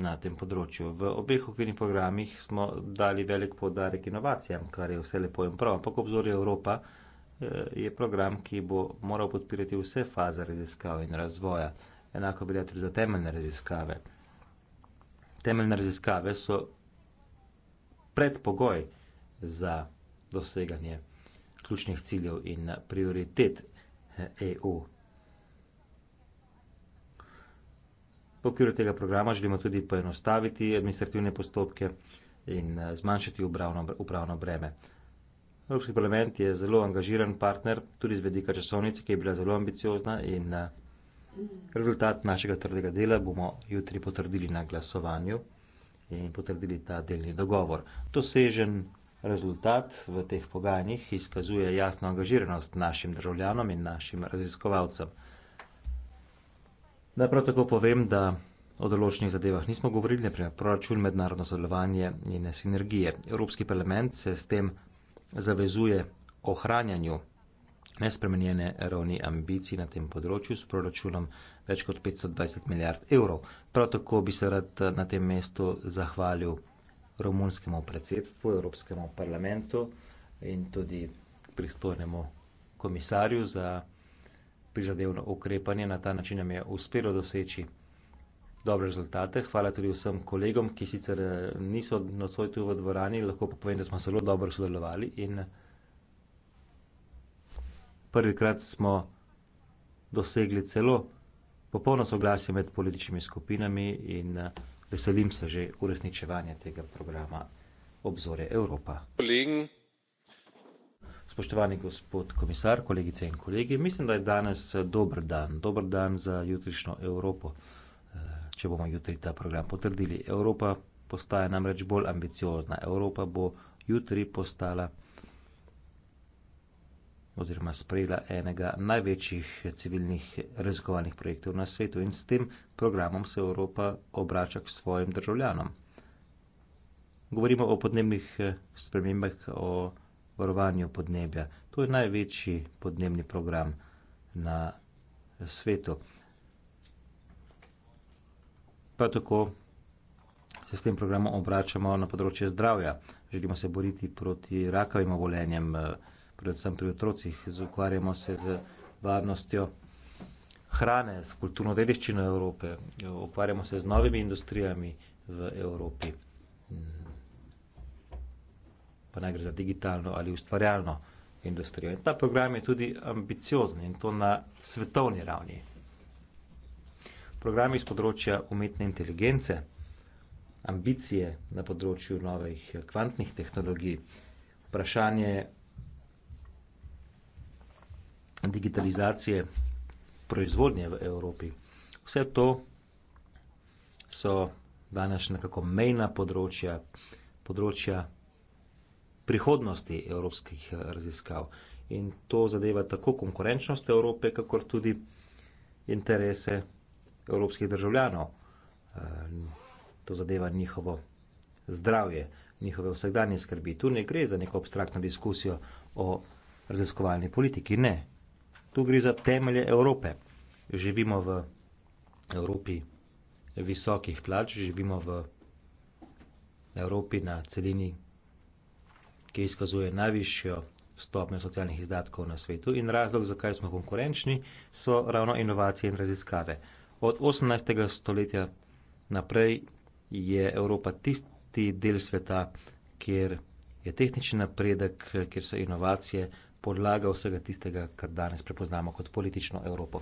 na tem področju. V obeh okvirnih programih smo dali velik podarek inovacijam, kar je vse lepo in prav, ampak obzorje Evropa eh, je program, ki bo moral podpirati vse faze raziskav in razvoja. Enako velja tudi za temeljne raziskave. Temeljne raziskave so predpogoj za doseganje ključnih ciljev in prioritet EU. V okviru tega programa želimo tudi poenostaviti administrativne postopke in eh, zmanjšati upravno, upravno breme. Evropski parlament je zelo angažiran partner, tudi z vedika časovnice, ki je bila zelo ambiciozna in eh, rezultat našega trdega dela bomo jutri potrdili na glasovanju in potrdili ta delni dogovor. Dosežen rezultat v teh pogajanjih izkazuje jasno angažiranost našim državljanom in našim raziskovalcem. Da prav tako povem, da o določenih zadevah nismo govorili, naprimer proračun, mednarodno sodelovanje in sinergije. Evropski parlament se s tem zavezuje ohranjanju nespremenjene ravni ambicij na tem področju s proračunom več kot 520 milijard evrov. Prav tako bi se rad eh, na tem mestu zahvalil romunskemu predsedstvu, Evropskemu parlamentu in tudi pristojnemu komisarju za prizadevno ukrepanje. Na ta način nam je uspelo doseči dobre rezultate. Hvala tudi vsem kolegom, ki sicer eh, niso nocoj tu v dvorani, lahko pa povem, da smo zelo dobro sodelovali in prvikrat smo dosegli celo popolno soglasje med političnimi skupinami in eh, veselim se že uresničevanja tega programa Obzore Evropa. Kolegi. Spoštovani gospod komisar, kolegice in kolegi, mislim, da je danes eh, dober dan, dober dan za jutrišnjo Evropo, eh, če bomo jutri ta program potrdili. Evropa postaja namreč bolj ambiciozna, Evropa bo jutri postala oziroma sprejela enega največjih civilnih raziskovalnih projektov na svetu in s tem programom se Evropa obrača k svojim državljanom. Govorimo o podnebnih eh, spremembah, o varovanju podnebja. To je največji podnebni program na svetu. Pa tako se s tem programom obračamo na področje zdravja. Želimo se boriti proti rakavim obolenjem. Eh, predvsem pri otrocih, ukvarjamo se z varnostjo hrane, s kulturno dediščino Evrope, ukvarjamo se z novimi industrijami v Evropi. Pa naj gre za digitalno ali ustvarjalno industrijo. In ta program je tudi ambiciozen in to na svetovni ravni. Programi iz področja umetne inteligence, ambicije na področju novih kvantnih tehnologij, vprašanje digitalizacije proizvodnje v Evropi. Vse to so danes nekako mejna področja, področja prihodnosti evropskih eh, raziskav. In to zadeva tako konkurenčnost Evrope, kakor tudi interese evropskih državljanov. Eh, to zadeva njihovo zdravje, njihove vsakdanje skrbi. Tu ne gre za neko abstraktno diskusijo o raziskovalni politiki. Ne, Tu gre za temelje Evrope. Živimo v Evropi visokih plač, živimo v Evropi na celini, ki izkazuje najvišjo stopnjo socialnih izdatkov na svetu in razlog, zakaj smo konkurenčni, so ravno inovacije in raziskave. Od 18. stoletja naprej je Evropa tisti del sveta, kjer je tehnični napredek, kjer so inovacije podlaga vsega tistega, kar danes prepoznamo kot politično Evropo.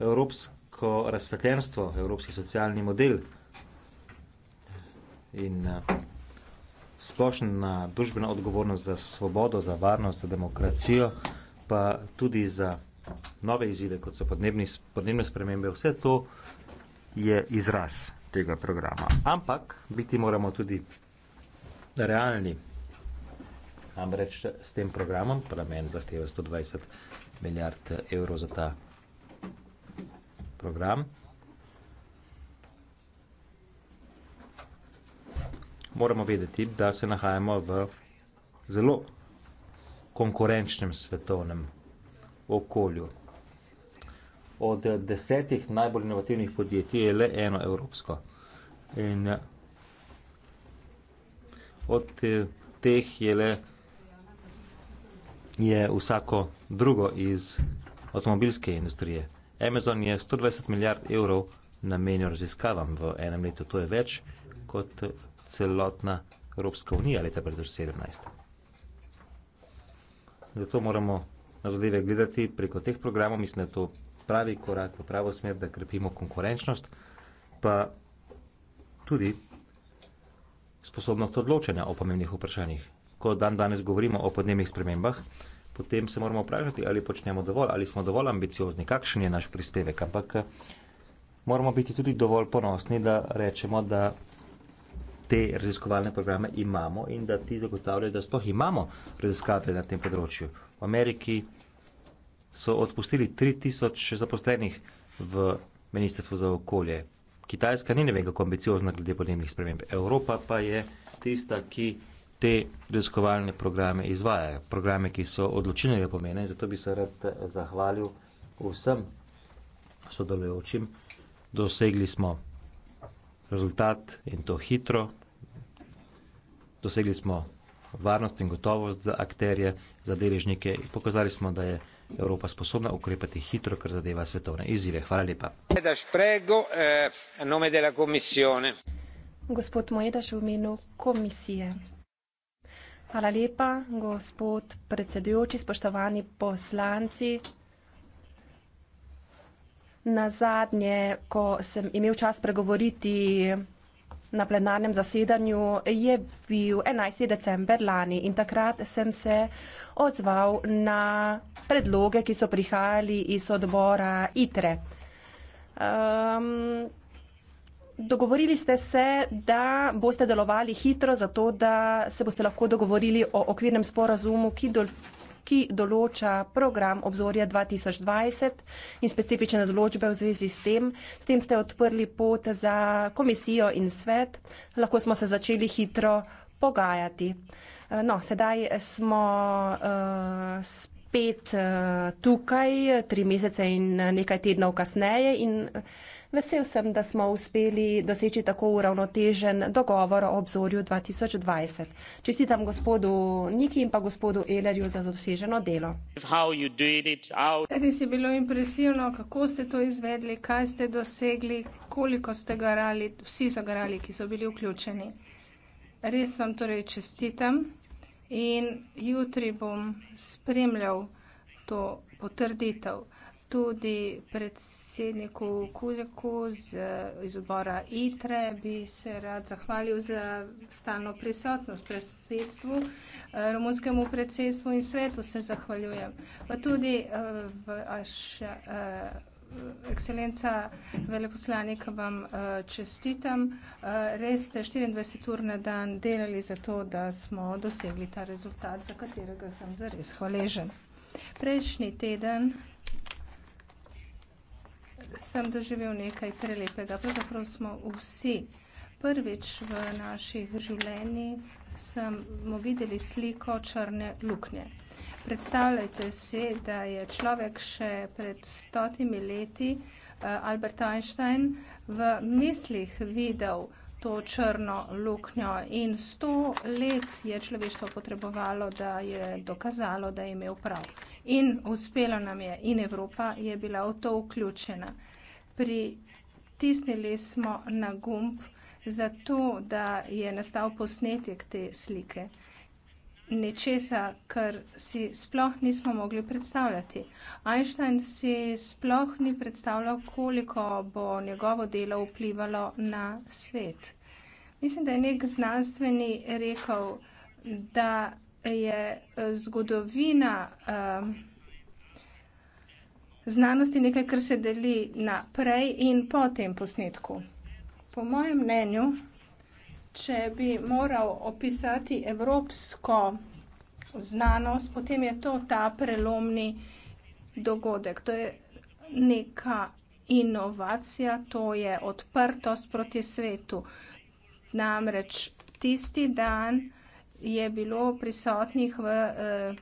Evropsko razsvetljenstvo, evropski socialni model in eh, splošna družbena odgovornost za svobodo, za varnost, za demokracijo, pa tudi za nove izzive, kot so podnebni, podnebne spremembe, vse to je izraz tega programa. Ampak biti moramo tudi realni. Namreč s tem programom parlament torej zahteva 120 milijard evrov za ta program. Moramo vedeti, da se nahajamo v zelo konkurenčnem svetovnem okolju. Od desetih najbolj inovativnih podjetij je le eno evropsko. In od eh, teh je le je vsako drugo iz avtomobilske industrije. Amazon je 120 milijard evrov namenil raziskavam v enem letu, to je več kot celotna Evropska unija leta 2017. Zato moramo na zadeve gledati preko teh programov, mislim, da je to pravi korak v pravo smer, da krepimo konkurenčnost, pa tudi sposobnost odločanja o pomembnih vprašanjih ko dan danes govorimo o podnebnih spremembah, potem se moramo vprašati, ali počnemo dovolj, ali smo dovolj ambiciozni, kakšen je naš prispevek. Ampak moramo biti tudi dovolj ponosni, da rečemo, da te raziskovalne programe imamo in da ti zagotavljajo, da sploh imamo raziskave na tem področju. V Ameriki so odpustili 3000 zaposlenih v Ministrstvu za okolje. Kitajska ni ne vem, kako ambiciozna glede podnebnih sprememb. Evropa pa je tista, ki te raziskovalne programe izvajajo. Programe, ki so odločilnega pomena in zato bi se rad eh, zahvalil vsem sodelujočim. Dosegli smo rezultat in to hitro. Dosegli smo varnost in gotovost za akterje, za deležnike. Pokazali smo, da je Evropa sposobna ukrepati hitro, kar zadeva svetovne izzive. Hvala lepa. Eh, Gospod Mojedaš v imenu komisije. Hvala lepa, gospod predsedujoči, spoštovani poslanci. Na zadnje, ko sem imel čas pregovoriti na plenarnem zasedanju, je bil 11. december lani in takrat sem se odzval na predloge, ki so prihajali iz odbora ITRE. Um, Dogovorili ste se, da boste delovali hitro, zato da se boste lahko dogovorili o okvirnem sporazumu, ki, do, ki določa program obzorja 2020 in specifične določbe v zvezi s tem. S tem ste odprli pot za komisijo in svet. Lahko smo se začeli hitro pogajati. Eh, no, sedaj smo uh, spet uh, tukaj, tri mesece in nekaj tednov kasneje. In, uh, Vesel sem, da smo uspeli doseči tako uravnotežen dogovor o obzorju 2020. Čestitam gospodu Niki in pa gospodu Elerju za doseženo delo. Res je bilo impresivno, kako ste to izvedli, kaj ste dosegli, koliko ste garali, vsi so garali, ki so bili vključeni. Res vam torej čestitam in jutri bom spremljal to potrditev. Tudi predsedniku Kuljaku z, iz obora ITRE bi se rad zahvalil za stalno prisotnost predsedstvu, eh, romunskemu predsedstvu in svetu se zahvaljujem. Pa tudi v eh, vaš eh, ekscelenca veleposlanika vam čestitam. Res ste 24 ur na dan delali za to, da smo dosegli ta rezultat, za katerega sem zares hvaležen. Prejšnji teden sem doživel nekaj prelepega. Pravzaprav smo vsi prvič v naših življenjih smo videli sliko črne luknje. Predstavljajte si, da je človek še pred stotimi leti, eh, Albert Einstein, v mislih videl to črno luknjo in sto let je človeštvo potrebovalo, da je dokazalo, da je imel prav in uspelo nam je, in Evropa je bila v to vključena. Pritisnili smo na gumb, zato da je nastal posnetek te slike. Nečesa, kar si sploh nismo mogli predstavljati. Einstein si sploh ni predstavljal, koliko bo njegovo delo vplivalo na svet. Mislim, da je nek znanstveni rekel, da je eh, zgodovina eh, znanosti nekaj, kar se deli na prej in po tem posnetku. Po mojem mnenju, če bi moral opisati evropsko znanost, potem je to ta prelomni dogodek. To je neka inovacija, to je odprtost proti svetu. Namreč tisti dan je bilo prisotnih v eh,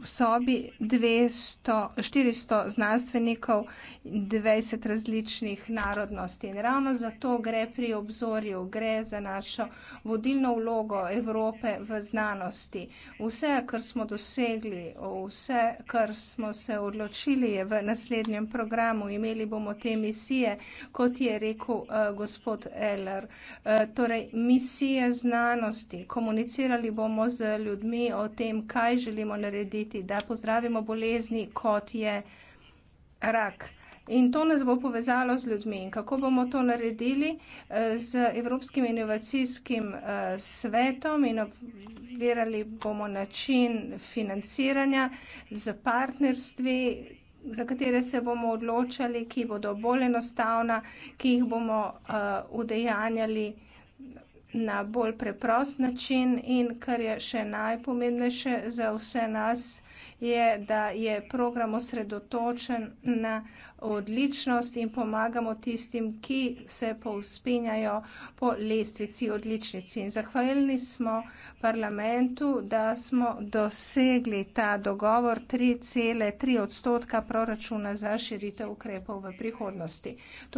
v sobi 200, 400 znanstvenikov in 20 različnih narodnosti. In ravno zato gre pri obzorju, gre za našo vodilno vlogo Evrope v znanosti. Vse, kar smo dosegli, vse, kar smo se odločili, je v naslednjem programu. Imeli bomo te misije, kot je rekel uh, gospod Eller. Uh, torej, misije znanosti. Komunicirali bomo z ljudmi o tem, kaj želimo narediti, da pozdravimo bolezni, kot je rak. In to nas bo povezalo z ljudmi. In kako bomo to naredili eh, z Evropskim inovacijskim eh, svetom in obvirali bomo način financiranja z partnerstvi, za katere se bomo odločali, ki bodo bolj enostavna, ki jih bomo eh, udejanjali. Uh, na bolj preprost način in kar je še najpomembnejše za vse nas, je, da je program osredotočen na odličnost in pomagamo tistim, ki se povspenjajo po lestvici odličnici. In zahvaljeni smo parlamentu, da smo dosegli ta dogovor 3,3 odstotka proračuna za širitev ukrepov v prihodnosti.